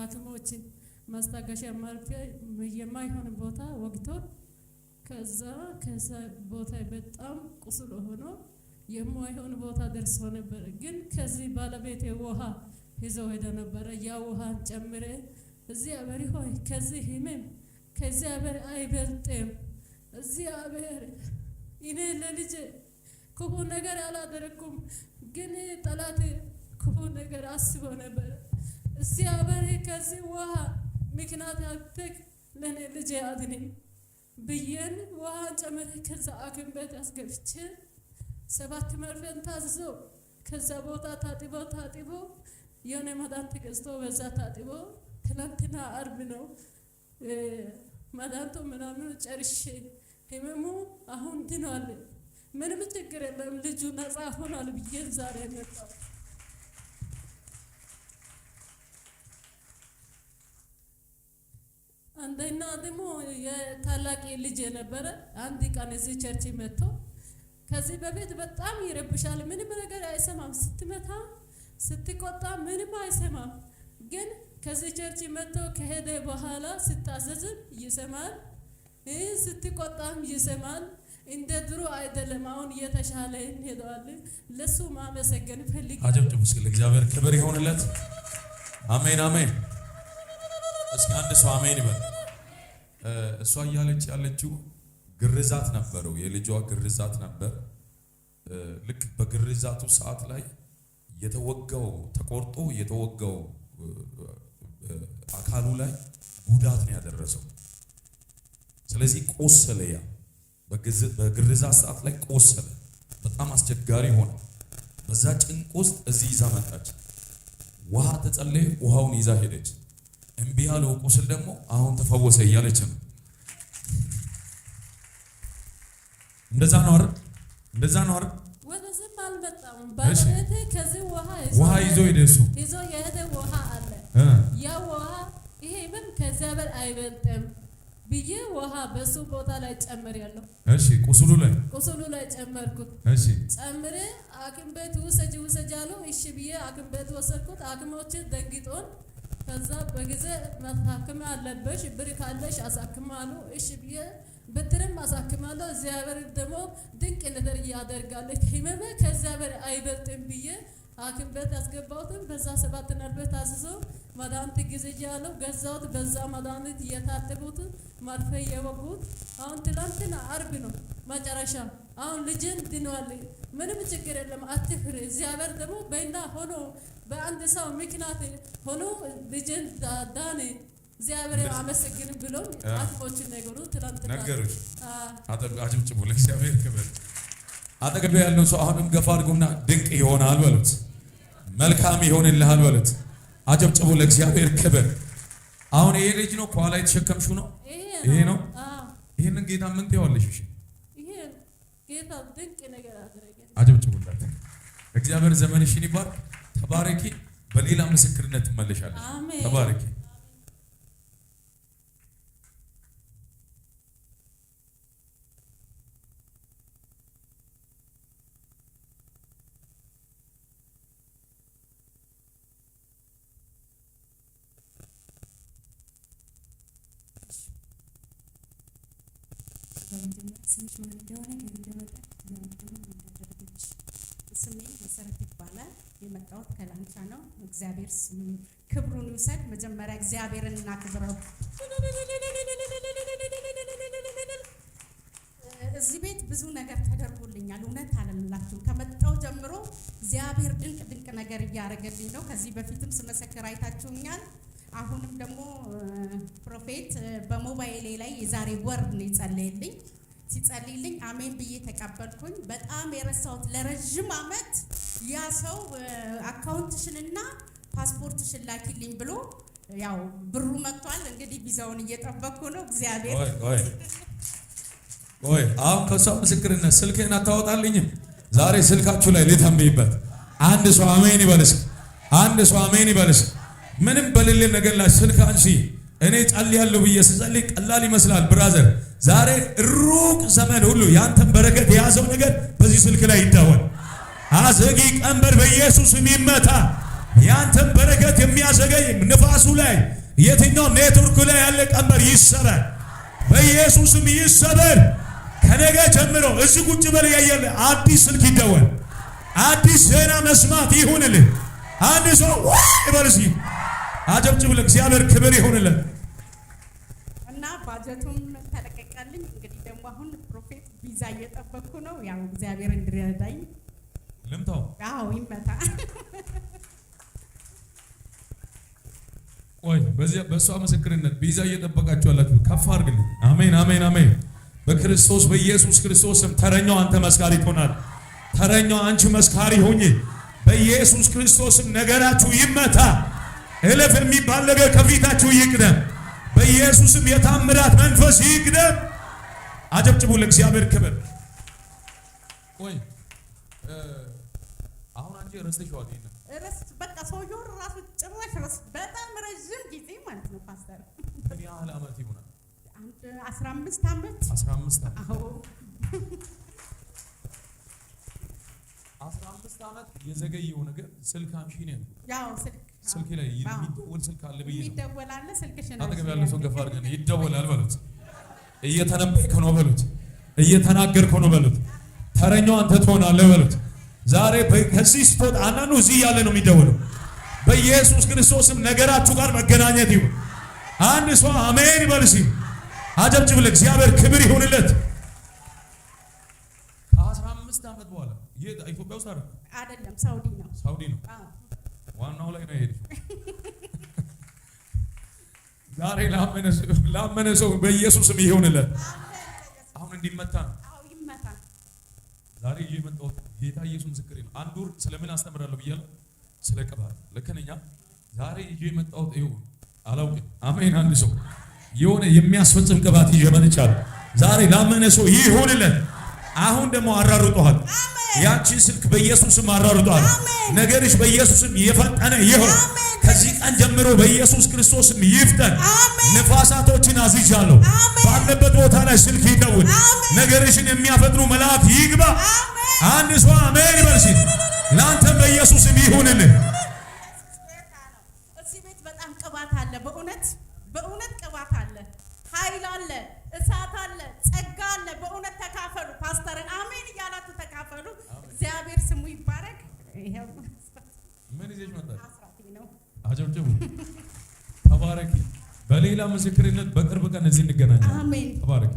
ሐኪሞችን ማስታገሻ የማይሆን ቦታ ወግቶን ከዛ ከዛ ቦታ በጣም ቁስል ሆኖ የማይሆን ቦታ ደርሶ ነበር። ግን ከዚህ ባለቤት ውሃ ይዘው ሄደ ነበረ። ያ ውሃን ጨምሬ እግዚአብሔር ሆይ ከዚህ ህመም ከእግዚአብሔር አይበልጥም። እግዚአብሔር እኔ ለልጅ ክፉ ነገር አላደረኩም፣ ግን ጠላት ክፉ ነገር አስቦ ነበረ እግዚአብሔር ከዚህ ውሃ ምክንያት አትክ ለእኔ ልጄ አድነኝ ብዬን ውሃ ጨምሬ ከዛ አክም ቤት አስገብቼ ሰባት መርፌን ታዝዞ ከዛ ቦታ ታጥቦ ታጥቦ የሆነ መዳን ተገዝቶ በዛ ታጥቦ ትላንትና አርብ ነው መዳንቶ ምናምን ጨርሼ ህመሙ አሁን ድኗል። ምንም ችግር የለም ልጁ ነጻ ሆኗል ብዬን ዛሬ መጣሁ። አንደኛ ደግሞ የታላቅ ልጅ የነበረ አንድ ቀን እዚህ ቸርች መጥቶ ከዚህ በፊት በጣም ይረብሻል፣ ምንም ነገር አይሰማም። ስትመታ ስትቆጣ ምንም አይሰማም። ግን ከዚህ ቸርች መጥቶ ከሄደ በኋላ ስታዘዝም ይሰማል፣ ስትቆጣም ይሰማል። እንደ ድሮ አይደለም። አሁን እየተሻለ ሄደዋል። ለሱ ማመሰገን ፈልግ። አጨብጭቡ እስኪ እግዚአብሔር ክብር ይሆንለት። አሜን አሜን። እስኪ አንድ ሰው አሜን ይበል። እሷ እያለች ያለችው ግርዛት ነበረው፣ የልጇ ግርዛት ነበር። ልክ በግርዛቱ ሰዓት ላይ የተወጋው ተቆርጦ የተወጋው አካሉ ላይ ጉዳት ነው ያደረሰው። ስለዚህ ቆሰለ፣ ያ በግርዛት ሰዓት ላይ ቆሰለ። በጣም አስቸጋሪ ሆነ። በዛ ጭንቅ ውስጥ እዚህ ይዛ መጣች። ውሃ ተጸለየ፣ ውሃውን ይዛ ሄደች። እምቢ ያለው ቁስል ደግሞ አሁን ተፈወሰ እያለች ነው። እንደዛ ነው አይደል? እንደዛ ነው አይደል? ውሃ ይዞ ሄደ። እሱ ይዞ ውሃ አለ። ያ ውሃ ይሄ ምን አይበልጥም ብዬ ውሃ በሱ ቦታ ላይ ጨምር ያለው። እሺ ቁስሉ ላይ ቁስሉ ላይ ጨመርኩት። እሺ ጨምሬ ሐኪም ቤት ውሰጅ ውሰጅ አለው። እሺ ብዬ አክም ቤት ወሰድኩት። አክሞችን ደንግጦን ከዛ በጊዜ መታከም አለበሽ፣ ብር ካለሽ አሳክማሉ። እሺ ብዬ ብድርም አሳክማለሁ። እግዚአብሔር ደግሞ ድንቅ ነገር እያደርጋለች። ህመሜ ከእግዚአብሔር አይበልጥም ብዬ ሐኪም ቤት ያስገባሁትን በዛ ሰባት ነርቤት ታዝዘው መድኃኒት ግዝጃ ያለው ገዛሁት። በዛ መድኃኒት እየታጠቡት መርፌ እየወጉት አሁን ትላንትና አርብ ነው መጨረሻ። አሁን ልጅን ድኗል። ምንም ችግር የለም አትፍሪ። እግዚአብሔር ደግሞ በእና ሆኖ በአንድ ሰው ምክንያት ሆኖ ልጅን ዳኔ እግዚአብሔር አመሰግንም ብሎ አጥፎችን ነገሩ ትላንትና ነገሮች አጨብጭቡ ለእግዚአብሔር ክብር አጠገብ ያለውን ሰው አሁንም ገፋ አድርጉና ድንቅ ይሆናል በሉት። መልካም ይሆንልሃል በሉት። አጨብጭቡ ለእግዚአብሔር ክብር። አሁን ይሄ ልጅ ነው ከኋላ የተሸከምሽው ነው ይሄ ነው። ይህንን ጌታ ምን ትይዋለሽ? እሺ አጨብጭቡላት። እግዚአብሔር ዘመንሽን ይባርክ። ተባረኪ። በሌላ ምስክርነት ትመለሻለሽ። ተባረኪ። በመጀመሪያ ስምሽ ምን እንደሆነ እንደመጣ እንዳደረገች ስሜ መሰረት ይባላል። የመጣሁት ከላንቻ ነው። እግዚአብሔር ስሙ ክብሩን ይውሰድ። መጀመሪያ እግዚአብሔርን እናክብረው። እዚህ ቤት ብዙ ነገር ተደርጎልኛል። እውነት አለምላችሁ ከመጣው ጀምሮ እግዚአብሔር ድንቅ ድንቅ ነገር እያደረገልኝ ነው። ከዚህ በፊትም ስመሰክር አይታችሁኛል። አሁንም ደግሞ ፕሮፌት በሞባይሌ ላይ የዛሬ ወር ነው የጸለየልኝ። ሲጸልይልኝ አሜን ብዬ ተቀበልኩኝ። በጣም የረሳሁት ለረዥም አመት ያ ሰው አካውንትሽንና ፓስፖርትሽን ላኪልኝ ብሎ ያው ብሩ መጥቷል። እንግዲህ ቪዛውን እየጠበቅኩ ነው። እግዚአብሔር አሁን ከእሷ ምስክርነት ስልክህን አታወጣልኝም? ዛሬ ስልካችሁ ላይ ልተንብይበት። አንድ ሰው አሜን ይበልስ። አንድ ሰው አሜን ይበልስ። ምንም በሌለ ነገር ላይ ስልክ አንሺ። እኔ ጸልያለሁ ብዬ ስጸልይ ቀላል ይመስላል ብራዘር። ዛሬ ሩቅ ዘመን ሁሉ ያንተን በረከት የያዘው ነገር በዚህ ስልክ ላይ ይታወል። አዘጊ ቀንበር በኢየሱስ የሚመታ ያንተን በረከት የሚያዘገይ ንፋሱ ላይ የትኛው ኔትወርክ ላይ ያለ ቀንበር ይሰራል፣ በኢየሱስም ይሰበር። ከነገ ጀምሮ እዚህ ቁጭ በል ያየለ አዲስ ስልክ ይደወል። አዲስ ዜና መስማት ይሁንልህ። አንድ ሰው ወይ በል አጨብጭቡ፣ ለእግዚአብሔር ክብር ይሁንልን እና ባጀቱም ተለቀቀልኝ። እንግዲህ ደግሞ አሁን ፕሮፌት ቪዛ እየጠበቅኩ ነው። ያው እግዚአብሔር እንዲረዳኝ ልምታው። አዎ ይመታ። ቆይ በዚያ በእሷ ምስክርነት ቪዛ እየጠበቃችሁ ያላችሁ ከፍ አድርግልኝ። አሜን፣ አሜን፣ አሜን። በክርስቶስ በኢየሱስ ክርስቶስ ተረኛው አንተ መስካሪ ትሆናል። ተረኛው አንቺ መስካሪ ሆኚ በኢየሱስ ክርስቶስም ነገራችሁ ይመታ። እለፍ የሚባል ነገር ከፊታችሁ ይቅደም። በኢየሱስም የታምራት መንፈስ ይቅደም። አጨብጭቡ ለእግዚአብሔር ክብር። ቆይ አሁን አንቺ ረስተሽዋል። ረስ በቃ ሰውየውን ራሱ ጭራሽ ረስ በጣም ረዥም ጊዜ ማለት ነው። ፓስተር ምን ያህል አመት ይሆናል? አስራ 15 አመት 15 አመት። አዎ አስራ አምስት ዓመት የዘገየው ነገር ስልክ አምሺ ነው ያው ስልክ ስልኬ ላይ የሚደወል ስልክ አለ ብዬ አጠገብ ያለ ሰው ገፋ አድርገን ይደወላል በሉት። እየተነበይክ ነው በሉት። እየተናገርክ ነው በሉት። ተረኛው አንተ ትሆናለህ በሉት። ዛሬ ከዚህ ስትወጣ አንዳንዱ እዚህ እያለ ነው የሚደወለው። በኢየሱስ ክርስቶስም ነገራችሁ ጋር መገናኘት ይሁን። አንድ ሰው አሜን ይበል እስኪ አጨብጭብ። ለእግዚአብሔር ክብር ይሁንለት። ከአስራ አምስት ዓመት በኋላ ኢትዮጵያ ውስጥ አይደለም ሳውዲ ነው ሳውዲ ነው ዋናው ላይ ነው ዛሬ ላመነ ሰው በኢየሱስም ይሆንለት። አሁን እንዲመታ ነው ዛሬ ይዤ የመጣሁት ጌታ ኢየሱስ ምስክሬ ነው። አንድ ወር ስለምን አስተምራለሁ ብያለሁ? ስለ ቅባት ለከነኛ ዛሬ ይዤ የመጣሁት ይኸው አላውቅም። አሜን። አንድ ሰው የሆነ የሚያስፈጽም ቅባት ይዤ መጥቻለሁ። ዛሬ ላመነ ሰው ይሆንለት። አሁን ደግሞ አራርጧል። ያንቺን ስልክ በኢየሱስም አራርጧል። ነገርሽ በኢየሱስም የፈጠነ ይሁን። ከዚህ ቀን ጀምሮ በኢየሱስ ክርስቶስም ይፍጠን። ንፋሳቶችን አዝዣለሁ። ባለበት ቦታ ላይ ስልክ ይደውል። ነገርሽን የሚያፈጥኑ መልአክ ይግባ። አንድ ሰው አሜን ሲል ለአንተም በኢየሱስም ይሁንልህ። እዚህ ቤት በጣም ቅባት አለ። በእውነት በእውነት ቅባት አለ። ኃይል አለ። እሳት አለ። ጸጋ አለ። በእውነት ተካፈሉ። ፓስተርን አሜን እያላችሁ ተካፈሉ። እግዚአብሔር ስሙ ይባረክ። ምን ይዘሽ መጣሽ? አጨብጭቡ። ተባረኪ። በሌላ ምስክርነት በቅርብ ቀን እዚህ እንገናኛለን። አሜን። ተባረኪ።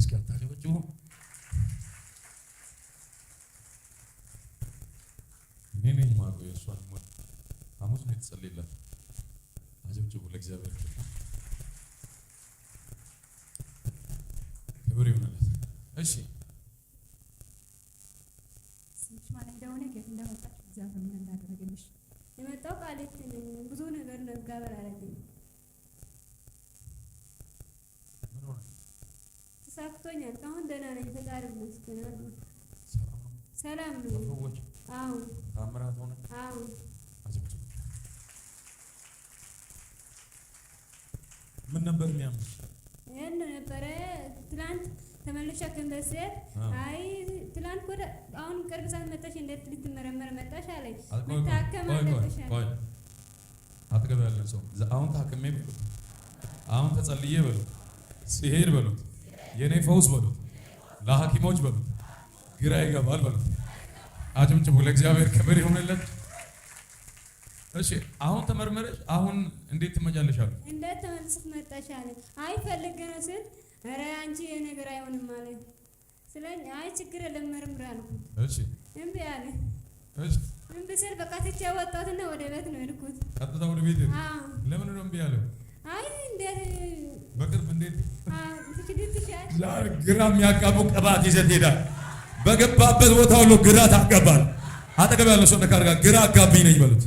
እስኪ አታጨብጭቡ። የእሷን ሞት ሐሙስ ነው የተጸለየላት። አጨብጭቡ ለእግዚአብሔር ክብር ይሆናለት። እሺ ስንት ማን እንደሆነ ከት እንደመጣች እግዚአብሔር ምን እንዳደረገልሽ የመጣው ቃሌት ብዙ ነገር ነው እግዚአብሔር አለልኝ ተሳክቶኛል። ካሁን ደህና ነኝ። ፈጣሪ ይመስገን። ሰላም ነው። አዎ ታምራት ሆነ። ምን ነበር የሚያምር? ይሄን ነበረ ትላንት ተመልሻ ከንበስት አይ ትላንት ወደ አሁን ቅርብ ሰዓት መጣሽ፣ እንዴት ልትመረመር መጣሽ አለኝ። መታከም አለብሽ አጠገብ ያለን ሰው አሁን ታክሜ በሉት፣ አሁን ተጸልዬ በሉት፣ ሲሄድ በሉት፣ የኔ ፈውስ በሉት፣ ለሐኪሞች በሉት፣ ግራ ይገባል በሉት አጨብጭቡ። ለእግዚአብሔር ክብር ይሁንለት። እሺ አሁን ተመርመረሽ፣ አሁን እንዴት ትመጫለሽ አሉ። እንዴት ተመልሰሽ መጣሽ አለ። አይ ፈልግ ነው ስል፣ ኧረ አንቺ ነገር አይሆንም አለ ስለኝ፣ አይ ችግር የለም መርምር አልኩት። እሺ እምቢ አለ። እሺ እምቢ ስል በቃ ትቼ ወጣሁትና ወደ ቤት ነው የሄድኩት። ቀጥታ ወደ ቤት? አዎ። ለምን ነው እምቢ ያለው? አይ እንዴት በቅርብ እንዴት ግራ የሚያጋቡ ቅባት ይዘት ሄዳል በገባበት ቦታ ሁሉ ግራ ታጋባል። አጠገብ ያለው ሰው ነካርጋ ግራ አጋቢኝ ነኝ በሉት።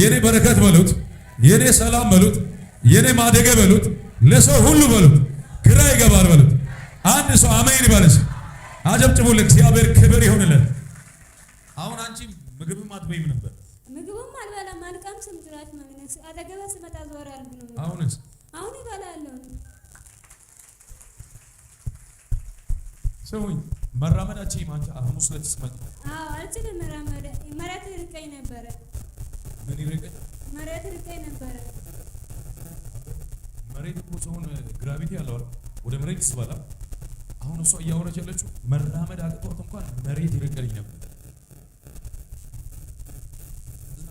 የኔ በረከት በሉት፣ የኔ ሰላም በሉት፣ የኔ ማደገ በሉት፣ ለሰው ሁሉ በሉት፣ ግራ ይገባል በሉት። አንድ ሰው አሜን ይበለስ። አጨብጭቡ። ለእግዚአብሔር ክብር ይሆንለት። አሁን አንቺ ምግብም አትበይም ነበር። ምግብም አልበላም አልቀምስም። ጅራት ማግኘት አጠገበ ስመጣ ዞር ያልኩ ነው። አሁንስ አሁን ይበላለሁ። ስሙኝ መራመዳችን አንቺ ሐሙስ ዕለት ስትመጪ አዎ አልችልም መራመድ መሬት ርቀኝ ነበረ ምን ይርቀኝ መሬት ርቀኝ ነበረ መሬት እኮ ሰውን ግራቪቲ ያለው ወደ መሬት ይስባል አሁን እሷ እያወረች ያለችው መራመድ አቅቷት እንኳን መሬት ይርቀኝ ነበር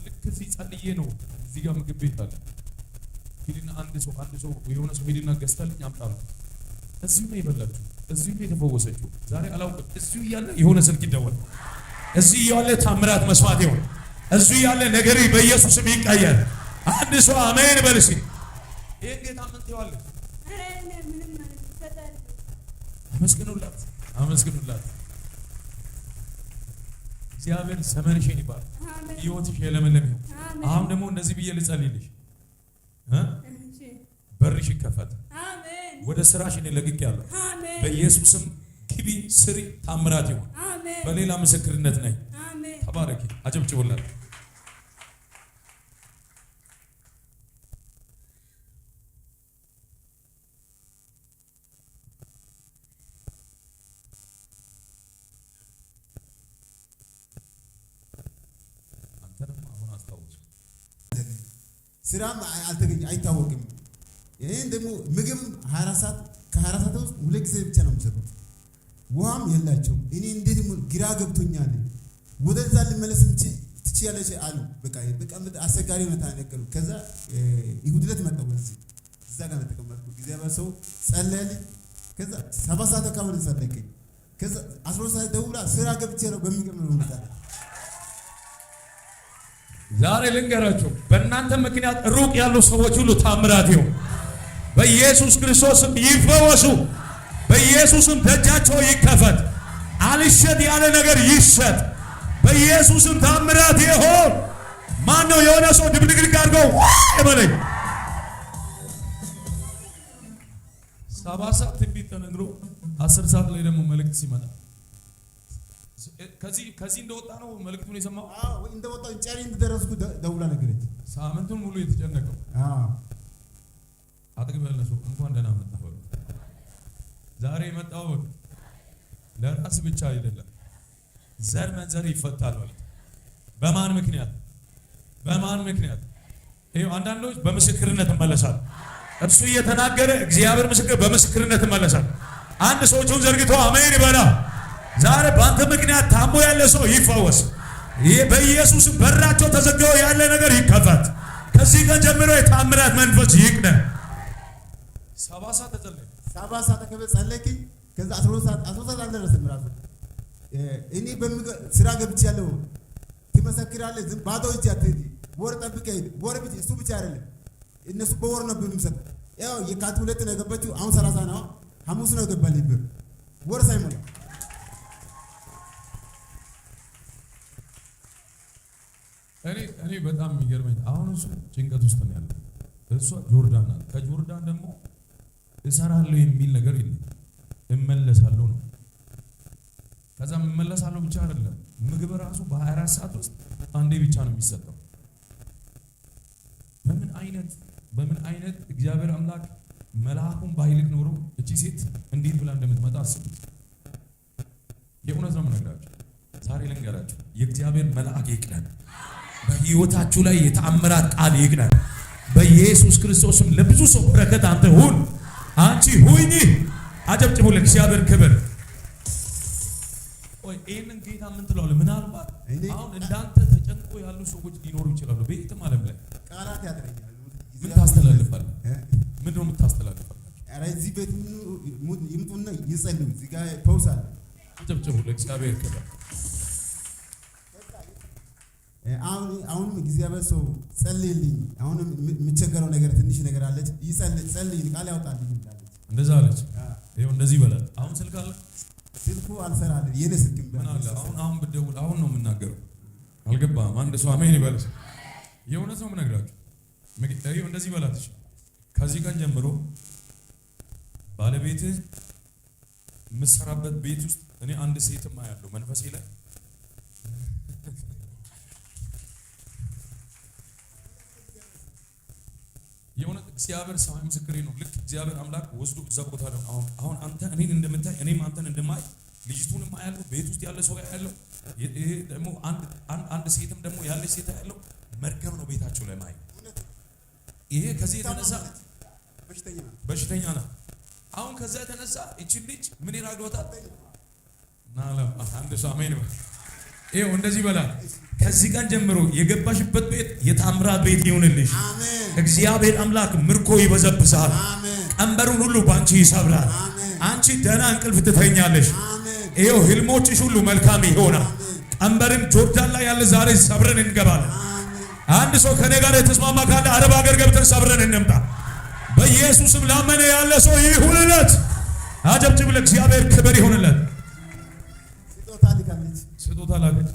ልክ ሲጸልዬ ነው እዚህ ጋር ምግብ ቤት አለ ሂድና አንድ ሰው አንድ ሰው የሆነ ሰው ሂድና ገዝታልኝ አምጣ ነው እዚሁ ነው የበላችሁ እዚሁ የተፈወሰችው ዛሬ አላውቅም። እዚሁ እያለ የሆነ ስልክ ይደወል፣ እዚሁ እያለ ታምራት መስማት ይሆን፣ እዚሁ እያለ ነገር በኢየሱስ ስም ይቀየር። አንድ ሰው አሜን በል እስኪ። ይሄን ጌታ ምን ትይዋለህ? አመስግኑላት፣ አመስግኑላት። እግዚአብሔር ዘመንሽን ይባል፣ ህይወትሽ የለመለመ ይሁን። አሁን ደግሞ እነዚህ ብዬ ልጸልይልሽ በርሽ ይከፈት። ወደ ስራሽ እኔ ያለው አሜን። በኢየሱስም ግቢ፣ ስሪ፣ ታምራት ይሁን። በሌላ ምስክርነት ነኝ። ተባረኪ። አጨብጭቡላት። ስራም አልተገኘ አይታወቅም። ይህን ደግሞ ምግብ ሀራሳት ከሀራሳት ውስጥ ሁለት ጊዜ ብቻ ነው የሚሰሩት። ውሃም የላቸውም። እኔ እንዴት ግራ ገብቶኛል። ወደዛ ልመለስ ትችያለች አሉ። በቃ በቃ አስቸጋሪ ሁኔታ ነገሩ። ከዛ ይሁድ ዕለት መጣሁ ወደዚህ እዛ ጋር ተቀመጥኩ። ጊዜ ሰው ጸለል። ከዛ ሰባት ሰዓት አካባቢ ጸለየኝ። ከዛ አስራ ሰዓት ደውላ ስራ ገብቼ ነው በሚገርም ሁኔታ ዛሬ ልንገራችሁ፣ በእናንተ ምክንያት ሩቅ ያሉ ሰዎች ሁሉ ታምራት ይሁን በኢየሱስ ክርስቶስም ይፈወሱ። በኢየሱስም ደጃቸው ይከፈት። አልሸጥ ያለ ነገር ይሸጥ። በኢየሱስም ታምራት ይሆን። ማን ነው የሆነ ሰው ድብልቅልቅ አድርገው በለኝ። ሰባት ሰዓት ትንቢት ተነግሮ አስር ሰዓት ላይ ደግሞ መልእክት ሲመጣ ከዚህ እንደወጣ ነው መልእክቱን የሰማው እንደወጣ ጨሪ እንደደረስኩ ደውላ ነገረች። ሳምንቱን ሙሉ የተጨነቀው አጠገብ ያለ ሰው እንኳን ደህና መጣህ በሉ። ዛሬ የመጣው ለራስ ብቻ አይደለም፣ ዘር መንዘር ይፈታል ማለት በማን ምክንያት በማን ምክንያት? ይኸው አንዳንዶች በምስክርነት እመለሳል። እርሱ እየተናገረ እግዚአብሔር ምስክር በምስክርነት እመለሳል። አንድ ሰዎቹን ዘርግቶ አሜን ይበላ። ዛሬ በአንተ ምክንያት ታሞ ያለ ሰው ይፈወስ። ይሄ በኢየሱስ በራቸው ተዘግበው ያለ ነገር ይከፈት። ከዚህ ቀን ጀምሮ የታምራት መንፈስ ይቅደም። ሰባ ሰዓት ተጸለይ ሰባ ሰዓት አካባቢ ጸለይኩኝ። ከዛ አስራ ሰዓት አስራ ሰዓት አልደረስም ራሱ እኔ ስራ ገብቼ ያለው ትመሰክራለህ። ዝም ባዶ እጅ አትሄድ፣ ወር ጠብቀህ ሂድ። ወር ብቻ እሱ ብቻ አይደለም እነሱ በወር ነው የሚሰጥ። ያው የካቲት ሁለት ነው የገባችው፣ አሁን ሰላሳ ነው ሐሙስ ነው የገባልኝ ብር ወር ሳይሞላ እኔ እኔ በጣም የሚገርመኝ አሁን እሱ ጭንቀት ውስጥ ነው ያለው። እሷ ጆርዳን ናት። ከጆርዳን ደግሞ እሰራለሁ የሚል ነገር የለም። እመለሳለሁ ነው። ከዛ እመለሳለሁ ብቻ አይደለም፣ ምግብ ራሱ በ24 ሰዓት ውስጥ አንዴ ብቻ ነው የሚሰጠው። በምን አይነት በምን አይነት እግዚአብሔር አምላክ መልአኩን ባይልክ ኖሮ እቺ ሴት እንዴት ብላ እንደምትመጣ አስቡት። የእውነት ነው የምነግራችሁ። ዛሬ ልንገራችሁ፣ የእግዚአብሔር መልአክ ይቅደም። በህይወታችሁ ላይ የተአምራት ቃል ይቅደም። በኢየሱስ ክርስቶስም ለብዙ ሰው በረከት አንተ ሁን። አንቺ ሁኚ። አጨብጭቡ ለእግዚአብሔር ክብር። ይህንን ጌታ ምን ትለዋለህ? ምናልባት አሁን እንዳንተ ተጨንቆ ያሉ ሰዎች ሊኖሩ ይችላሉ። ቤት ማለት ላይ ቃላት ያጥረኛል። ምን ታስተላልፋለህ? ምንድን ነው የምታስተላልፋለህ? እዚህ ቤት ይምጡና ይጸልዩ። እዚህ ጋር ፐውስ አለ። አጨብጭቡ ለእግዚአብሔር ክብር። አሁንም እግዚአብሔር ሰው ጸልይልኝ፣ አሁንም የምቸገረው ነገር ትንሽ ነገር አለች፣ ጸልይ ቃል ያውጣልኝ ብላለች። እንደዛ አለች። ይኸው እንደዚህ ይበላል። አሁን ስልክ አለ፣ ስልኩ አልሰራልኝ። የኔ ስልክ አሁን አሁን ብትደውል አሁን ነው የምናገረው። አልገባም። አንድ ሰው አሜን ይበለች። የእውነት ነው የምነግራችሁ። ይኸው እንደዚህ ይበላትች። ከዚህ ቀን ጀምሮ ባለቤትህ የምትሰራበት ቤት ውስጥ እኔ አንድ ሴትማ ያለው መንፈሴ ላይ እግዚአብሔር ሰማይ ምስክሬ ነው። ልክ እግዚአብሔር አምላክ ወስዶ እዛ ቦታ ነው። አሁን አሁን አንተ እኔን እንደምታይ እኔም አንተን እንደማይ ልጅቱንም አያለሁ፣ ቤት ውስጥ ያለ ሰው ያለው ይሄ ደግሞ አንድ አንድ ሴትም ደግሞ ያለች ሴት ያለው መርገም ነው ቤታቸው ላይ ማይ ይሄ ከዚህ የተነሳ በሽተኛ ነው። አሁን ከዛ የተነሳ እቺ ልጅ ምን ይራግበታል ናለ አንድ ሳሜን ይኸው እንደዚህ በላ ከዚህ ቀን ጀምሮ የገባሽበት ቤት የታምራ ቤት ይሁንልሽ። አሜን። እግዚአብሔር አምላክ ምርኮ ይበዘብዛል። ቀንበሩን ሁሉ ባንቺ ይሰብራል። አንቺ ደህና እንቅልፍ ትተኛለሽ። ይኸው ህልሞችሽ ሁሉ መልካም ይሆናል። ቀንበርም ጆርዳን ላይ ያለ ዛሬ ሰብረን እንገባለን። አንድ ሰው ከኔ ጋር የተስማማ ካለ አረብ ሀገር ገብተን ሰብረን እንምጣ። በኢየሱስም ላመነ ያለ ሰው ይሁንለት። አጨብጭብ! ለእግዚአብሔር ክብር ይሁንለት። ስጦታ ላከች።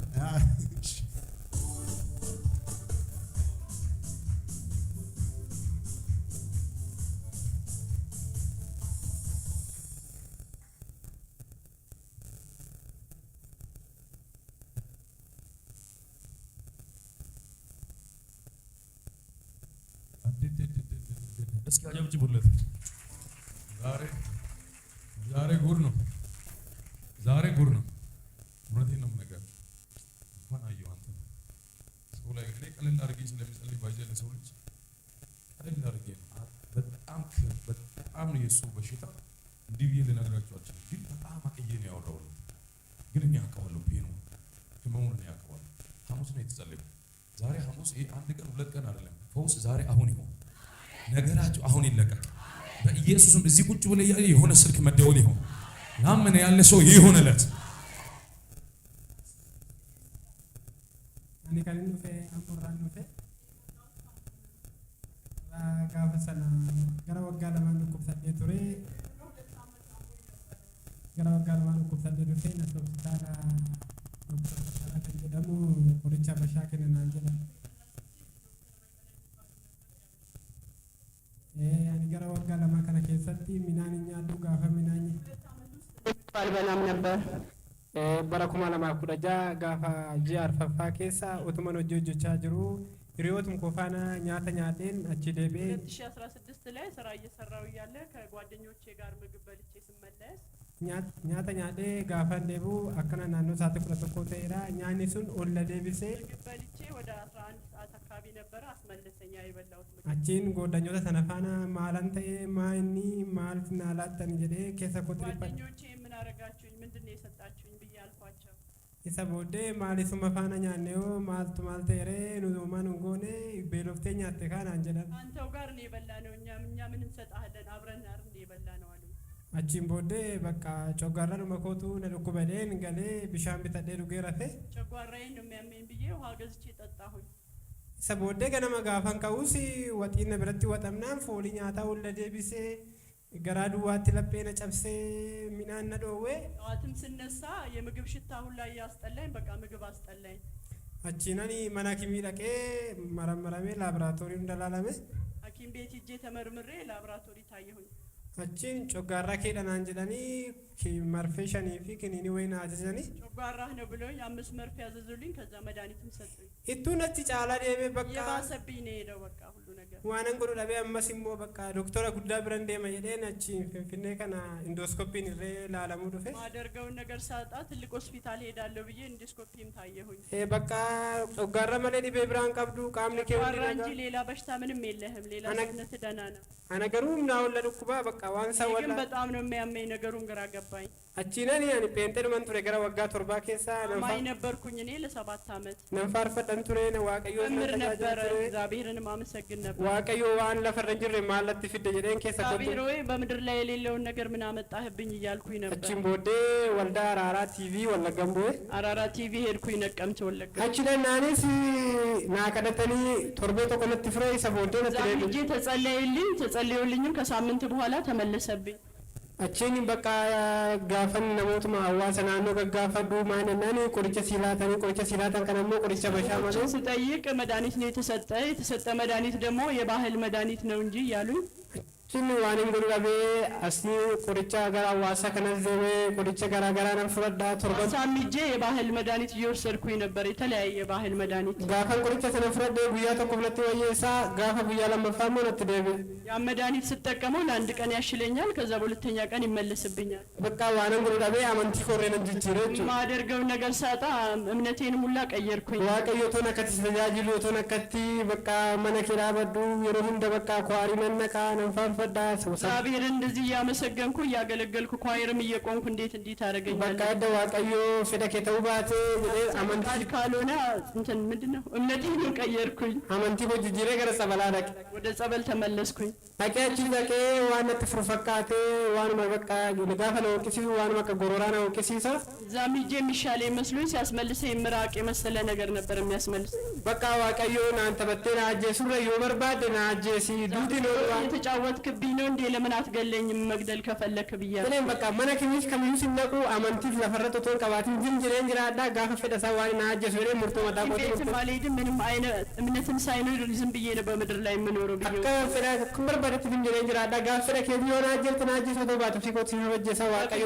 እስኪ አጨብጭቡለት። ዛሬ ዛሬ ጉድ ነው። ዛሬ ጉድ ነው። እውነቴን ነው ነገር እንኳን አየሁ አንተ ሰው ላይ እኔ ቀለል አድርጌ ስለሚጸልይ ባይዘ ለሰው ልጅ ቀለል አድርጌ በጣም በጣም ነው የእሱ በሽታ እንዲህ ብዬ ልነግራቸው አልችልም። ግን በጣም አቅዬ ነው ያወራው ግን እኔ አውቀዋለሁ ብዬ ነው ህመሙን እኔ አውቀዋለሁ። ሐሙስ ነው የተጸለየው። ዛሬ ሐሙስ ይሄ አንድ ቀን ሁለት ቀን አይደለም። ፈውስ ዛሬ አሁን ይሆን ነገራችሁ አሁን ይለቀቅ በኢየሱስም። እዚህ ቁጭ ብለ የሆነ ስልክ መደወል ይሆን ላመነ ያለ ሰው ይሆነለት jechaa bara kuma lamaaf kudha jaha gaafa ji'a arfaffaa keessa otuman hojii hojjechaa jiru hiriyootuma kofaana nyaata nyaateen achi deebi'ee 2016 ላይ ስራ እየሰራው እያለ ከጓደኞቼ ጋር ምግብ በልቼ ስመለስ nyaata nyaadhee gaafa deebi'u akkana naannoo sa'aatii kudha tokko ta'edha nyaanni sun ol deebisee ምግብ በልቼ ወደ 11 achiin gooddanyoota sana faana maalan ta'ee maa inni maaliif na laattan jedhee keessa kootti dhiphate. isa booddee maalisuma faana nyaanne yoo maaltu maal ta'eree nuuma nu goone beeloftee nyaatte kaanaan jedhan. አንተው ጋር ነው የበላነው እኛ እኛ ምን እንሰጥሃለን አብረን አይደል የበላነው አሉ። achiin booddee bakka coggaarra dhuma kootu na dhukkubaleen galee bishaan bitadhee dhugee rafee. coggaarreen ነው የሚያመኝ ብዬ ውሃ ገዝቼ ጠጣሁኝ. isa booddee ganama gaafan ka'uus waxiina biratti waxamnaan foolii nyaataa hulla deebisee gara duዋቲ ለጴነ ጨብሴ ሚናን ነዶዌ ጠዋትም ስነሳ የምግብ ሽታ ሁላ እያስጠላኝ በቃ ምግብ አስጠላኝ። አቺናኒ መና ኪሚ ደቄ መረመረሜ ላብራቶሪ እንደላለመ ሐኪም ቤት ሂጄ ተመርምሬ ላብራቶሪ ታየሁኝ። achiin coggaarraa keedhanaan jedhanii መርፌ shanii fi kiniinii ወይን አዘዘኒ። ጮጋራህ ነው ብሎኝ አምስት መርፌ ያዘዙልኝ። ከዛ መድኃኒትም ሰጡኝ። እቱን ነጭ ጫላ ደቤ በቃ የባሰብኝ ነው የሄደው በቃ ሁሉ ነገር ዋነን ጎዶ ደቤ አመስ ኢሞ በቃ ዶክተራ ጉዳ ብረን ደመ ጀዴ ነጭ ፍንፍኔ ከና ኢንዶስኮፒን ሬ ላለሙ ዱፌ ማደርገውን ነገር ሳጣ ትልቅ ሆስፒታል ሄዳለሁ ብዬ ኢንዶስኮፒም ታየሁኝ። እ በቃ ጮጋራ መለ ዲቤ ብራን ቀብዱ ቃምኒ ከወራ እንጂ ሌላ በሽታ ምንም የለህም። ሌላ ሰውነት ደህና ነው። አነገሩ ምናውን ለዱኩባ በቃ ግን በጣም ነው የሚያመኝ። ነገሩን ግራ ገባኝ። አቺነን ያን ጴንጤን መን ገራ ወጋ ቶርባ ኬሳ ማይ ነበርኩኝ እኔ ለሰባት ዓመት ነንፋር ፈጠን ቱሬ ዋቀዮ እምር ነበረ። እግዚአብሔርን ማመሰግን ነበር። ዋቀዮ ዋን ለፈረንጅር ማለት ፍደ ጀደን ኬሳ እግዚአብሔር ወይ በምድር ላይ የሌለውን ነገር ምን አመጣህብኝ እያልኩኝ ነበር። አቺን ቦዴ ወልዳ አራራ ቲቪ ወለጋም አራራ ቲቪ ሄድኩኝ ነቀምት ወለጋ አቺነን ናኔስ ናቀደተኒ ቶርቤ ተቆነት ፍሬ ሰቦዴ ነጥሬ ተጸለየልኝ ተጸለየልኝም ከሳምንት በኋላ ተመለሰብኝ። አችን በቃ ጋፈን ነሞት ሀዋሰ ናኖ ገጋፈዱ ማንነን ቁርጭ ሲላተን ቁርጭ ሲላተን ከነሞ ቁርጭ በሻ ማለት ስጠይቅ መድኃኒት ነው የተሰጠ የተሰጠ መድኃኒት ደግሞ የባህል መድኃኒት ነው እንጂ እያሉኝ Inni waan hin gurgurame asii qoricha gara hawaasa kanas deeme qoricha garaa garaa nan fudhadha torba. Sammijጄ የባህል መድኃኒት እየወሰድኩኝ ነበር የተለያየ የባህል መድኃኒት። ጋፋን ቆርቻ ተነፍረደ ጉያ ተቆብለት ወየሳ ጋፋ ጉያ ለመፋሞ ነት ደብ ያ መድኃኒት ስጠቀመው ለአንድ ቀን ያሽለኛል፣ ከዛ በሁለተኛ ቀን ይመለስብኛል። በቃ ዋን hin gurgurame amantii korreen እንጅጅረች ማደርገውን ነገር ሳጣ እምነቴን ሙላ ቀየርኩኝ። waaqayyo ቶን akkatti tajaajilu ቶን akkatti በቃ መነ ኪራ በዱ የሮ hunda በቃ ኳሪ መነቃ ነንፋን እግዚአብሔር እንደዚህ እያመሰገንኩ እያገለገልኩ ኳየርም እየቆምኩ እንዴት እንዴት አደረገኛል። በቃ ደው አቀዮ ፌደከ ተውባት አመንታድ ካልሆነ እንትን ምንድን ነው እምነቴን ነው ቀየርኩኝ። አመንቲ ቦጅ ጅሬ ገረ ጸበላ ወደ ጸበል ተመለስኩኝ። አቂያችን ደቄ ዋን ትፍር ፈቃቴ ዋን መበቃ ልጋፈ ነው ቅሲ ዋን መቀ ጎሮራ ነው ቅሲሳ እዛም ሂጄ የሚሻለ መስሎኝ ሲያስመልሰኝ ምራቅ የመሰለ ነገር ነበር የሚያስመልሰኝ። በቃ ዋቀዮ ናንተ በቴ ናጄ ሱረ ዮ ናጄ ሲ ዱቲ ነው የተጫወትክ እያደረክብኝ ነው እንዴ? ለምን አትገለኝም? መግደል ከፈለክ ብያ እኔም በቃ መነ ኪኒስ ሲነቁ አመንቲፍ ለፈረጡ ቶን ቀባትን ጅን ጅሬን ጅራዳ ጋፈ ፈደሳ ዋሪ ሙርቶ መጣ ቆጥ ቤት ምንም አይነ እምነትም ሳይኖር ዝም ብዬ ነው በምድር ላይ የምኖረው ብዬ አከ በረት ጅን ጅሬን ጅራዳ ጋፈ ፈደ ከሚዩ ናጀ ሲኮት ሲኖረጀ ሰው አቀዩ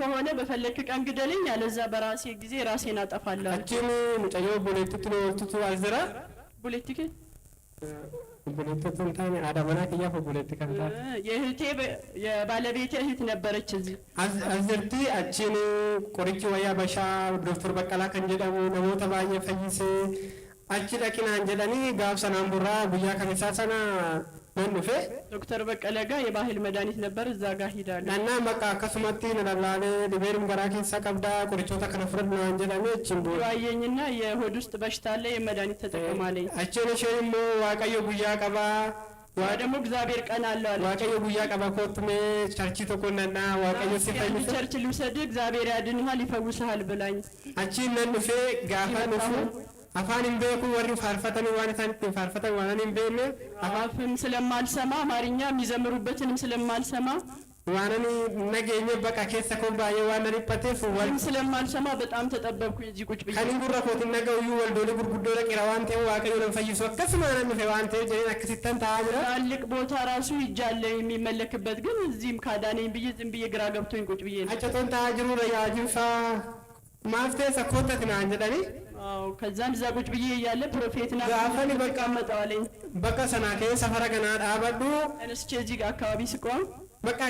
ከሆነ በፈለክ ቀን ግደለኝ፣ አለዛ በራሴ ጊዜ ራሴን አጠፋለሁ። አቺሙ ሙጨዮ ቦሌትቱ ነው ትቱ አልዘራ ቦሌትከ የባለቤቴ እህት ነበረች። እዚህ አዝርቲ አቺን ቆሪቺ ወያ በሻ ዶክተር በቀላ ከን ነሞተ ባየ ፈይሴ አቺ ደቂናን ጀደኒ ጋብሰናን ጉያ ከነሳሰና ነንፌ ዶክተር በቀለ ጋ የባህል መድኃኒት ነበር እዛ ጋ ሂዳለ ናና መቃ ከሱመቲ ነላላለ ሊቤርም ገራ ሰቀብዳ ቁርቾታ ከነፍረድ ነው አንጀላሚ እቺን ዱ አየኝና የሆድ ውስጥ በሽታ አለ የመድኃኒት ተጠቀማለኝ አቸነ ሸይሙ ዋቀዮ ጉያ ቀባ ዋ ደግሞ እግዚአብሔር ቀን አለው አለ ዋቀዮ ጉያ ቀባ ኮትሜ ቸርቺ ተኮነና ዋቀዮ ሲፈኝ ቸርች ልውሰድ እግዚአብሔር ያድንሃል ይፈውስሃል ብላኝ አቺ ነንፌ ጋፋ ንፉ አፋን እንበኩ ወሪ ፋርፈተን ዋን ታንቲ ፋርፈተን ዋን እንበነ አፋፍን ስለማልሰማ አማርኛ የሚዘምሩበትንም ስለማልሰማ ዋናኒ ነገኘ በቃ ኬሰ ኮባ የዋና ሪፓቴፍ ወልም ስለማልሰማ በጣም ተጠበብኩ። እዚህ ቁጭ ብዬ ከኒን ጉራ ነገው ዩ ወልዶ ለጉር ለቂራ ዋንቴ ዋቀዩ ለፈይሶ ከስ ማናን ፈ ዋንቴ ጀኔ አክሲተን ታምረ ታልቅ ቦታ ራሱ ይጃለ የሚመለክበት ግን እዚህም ካዳኔን ብዬ ዝም ብዬ ግራ ገብቶኝ ቁጭ ብዬ አጨቶን ታጅሩ ረያጅፋ ማፍቴ ሰኮተት ናንጀዳኒ ከዛም እዛ ቁጭ ብዬ እያለ ፕሮፌትና ጋፈን በቃ መጣዋለኝ በቃ ሰናከ ሰፈረ ገና ዳበዱ እንስቼ እዚህ ጋር አካባቢ ስቆም በቃ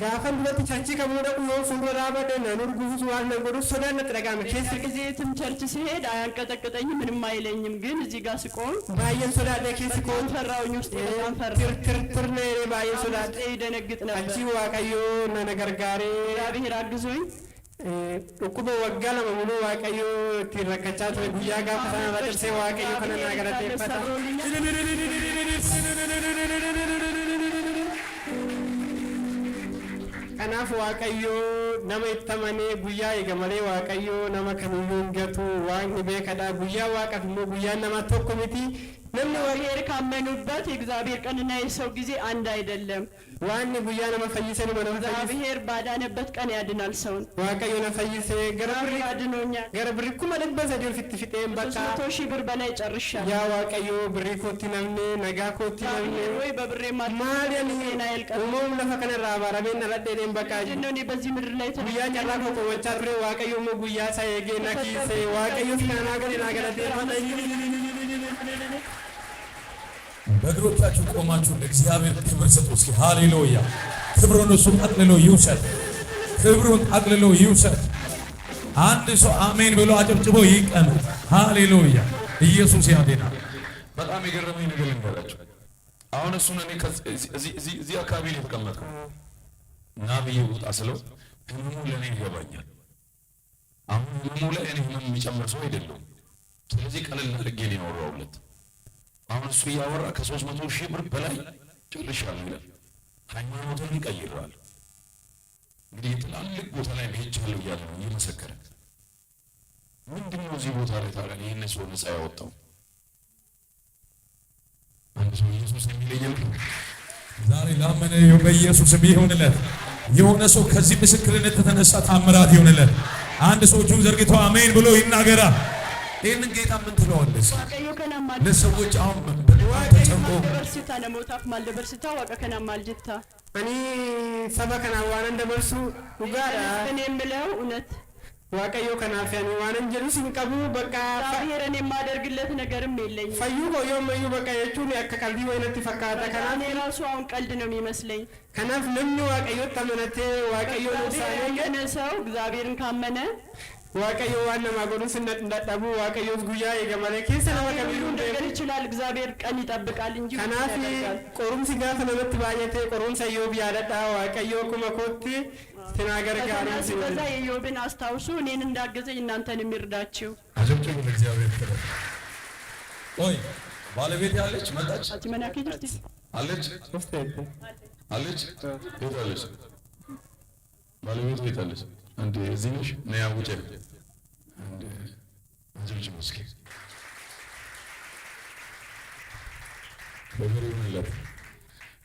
ጋፈን ሁለት ቸርች ከመውደቁ ነው ሱሮ ዳበደ ነኑር ጉዙ ዋል ነገሩ ሶዳን ተደጋመ ከስ ትም ቸርች ሲሄድ አያንቀጠቅጠኝም ምንም አይለኝም። ግን እዚህ ጋር ስቆም ባየን ሶዳደ ኬስ ቆም ፈራውኝ ውስጥ በጣም ፈራ ትር ትር ነው ባየን ሶዳደ ይደነግጥ ነበር። አንቺ ዋቀዮ እና ነገር ጋሬ እግዚአብሔር አግዞኝ Dhukkuma waggaa lama buluu Waaqayyoo ittiin rakkachaa ture guyyaa gaafa sana dabarsee Waaqayyoo kana naa galateeffata. Kanaaf Waaqayyoo nama itti amanee guyyaa eega malee Waaqayyoo nama kamiyyuu hin gatu Waaqni beekadha guyyaa waaqaf immoo guyyaan nama tokko miti መምህር ካመኑበት የእግዚአብሔር ቀንና የሰው ጊዜ አንድ አይደለም። ዋን ጉያ ነው መፈይሰን ነው እግዚአብሔር ባዳነበት ቀን ያድናል ሰውን ዋቀዩ ነው ፈይሰ ገረብሪ አድኖኛል። ገረብሪ ኩማ በዘዴ ዲር ፍት ፍቴን በቃ መቶ ሺህ ብር በላይ ጨርሻል። ያ ዋቀዩ ብሪ ኮቲ ነምኔ ነጋ ኮቲ ነምኔ ወይ በብሬ ማለት ማለን ዜና ይልቀ ሞም ለፈከነ ራባ ረቤን ረደደን በቃ ነው ነው በዚህ ምድር ላይ ተያ ጨራ ነው ወጫ ብሪ ዋቀዩ ሙጉያ ሳይገና ኪሴ ዋቀዩ ፍናናገ ናገረደ ነው በእግሮቻችሁ ቆማችሁ ለእግዚአብሔር ክብር ስጡ። እስኪ ሃሌሉያ! ክብሩን እሱ ጠቅልሎ ይውሰድ። ክብሩን ጠቅልሎ ይውሰድ። አንድ ሰው አሜን ብሎ አጨብጭቦ ይቀመ። ሃሌሉያ! ኢየሱስ ያድናል። በጣም የገረመኝ ነገር ልንገራቸው። አሁን እሱን እኔ እዚህ አካባቢ ላይ የተቀመጥኩት እና ብዬ ውጣ ስለው ህመሙ ለእኔ ይገባኛል። አሁን ህመሙ ላይ እኔ ህመም የሚጨምር ሰው አይደለሁም። ስለዚህ ቀለል አድርጌ ሊኖረው ሁለት አሁን እሱ እያወራ ከሶስት መቶ ሺህ ብር በላይ ጨርሻለሁ ይላል። ሃይማኖትን ይቀይረዋል። እንግዲህ ትላልቅ ቦታ ላይ መሄጃለሁ እያለ ነው እየመሰከረ። ምንድን ነው እዚህ ቦታ ላይ ታዲያ ይህን ሰው ነፃ ያወጣው? አንድ ሰው ኢየሱስ የሚለየል ዛሬ ላመነ በኢየሱስም ይሆንለት። የሆነ ሰው ከዚህ ምስክርነት የተነሳ ታምራት ይሆንለት። አንድ ሰው እጁን ዘርግቶ አሜን ብሎ ይናገራል። ይህንን ጌታ ምን ትለዋለች? ለሰዎች አሁን ተጨንቆ ለመውጣፍ ማልደበርስታ ዋቀከና ማልጅታ እኔ ሰበከና ዋነን ደበርሱ ጋራ እኔ የምለው እውነት ዋቀዮ ከናፊያን ዋነን ጀሉ ሲንቀቡ በቃ ብሔረን የማደርግለት ነገርም የለኝ ፈዩ ቆዮ መዩ በቃ የቹን ያከቀልዲ ወይነት ፈካታ ከና እኔ ራሱ አሁን ቀልድ ነው የሚመስለኝ ከናፍ ለምን ዋቀዮ ተመነተ ዋቀዮ ነው ሳይሆን ሰው እግዚአብሔርን ካመነ ዋቀዮ ዋና ማገዱ ስነት እንዳጣቡ ዋቀዮ ጉያ የገመለ ኬስ ለወቀቢሩ እንደገር ይችላል እግዚአብሔር ቀን ይጠብቃል እንጂ ከናፊ ቆሩም ሲጋ ስለበት ባየቴ ቆሩም ሰዮብ ያለጣ ዋቀዮ ኩመኮት ትናገር ጋር ሲወል ከዛ የዮብን አስታውሱ እኔን እንዳገዘኝ እናንተን የሚርዳችሁ አጀብጭ ነው እግዚአብሔር ትረ ኦይ ባለቤት ያለች መጣች አጭ መናከ ይርቲ አለች ሶፍት አለች ሄዳለች ባለቤት ቤት አንድ እዚህ ነሽ ነይ አውጪ አንድ አጀብጭ እስኪ ክብር ይሁንለት።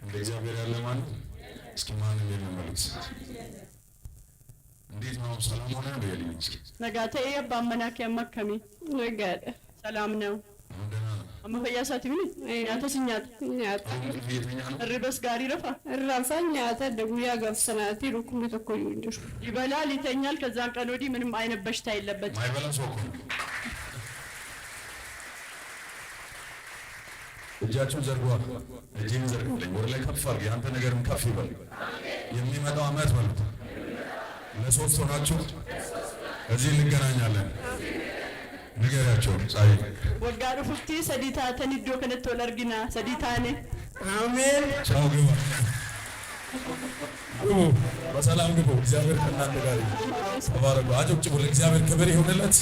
እንደ እግዚአብሔር ያለ ማን እስኪ ማን የሚመልስ እንዴት ነው? ሰላም ሆነ ነው እስኪ ነጋተ የባመናከ መከሚ ነገር ሰላም ነው አመፈያሳት ምን ያተስኛት ኛት ርበስ ጋሪ ረፋ ራሳኝ ያተ ደጉያ ገብሰናት ሩኩም ተኮ ይንጆ ይበላል ይተኛል። ከዛን ቀን ወዲህ ምንም አይነት በሽታ የለበት። እጃችሁን ዘርጓል። እጅህን ዘርግልኝ ወደ ላይ ከፍ አድርግ። የአንተ ነገርም ከፍ ይበል። የሚመጣው አመት በሉት ለሶስት ሆናችሁ እዚህ እንገናኛለን። ንገራቸው ጻይ ወልጋዱ ፍቲ ሰዲታተን ዶ ከነት ወለርጊና ሰዲታኔ አሜን ቻው ግባ ግቡ፣ በሰላም ግቡ። እግዚአብሔር ከእናንተ ጋር ተባረኩ። አጨብጭቡ። ለእግዚአብሔር ክብር ይሁንለት።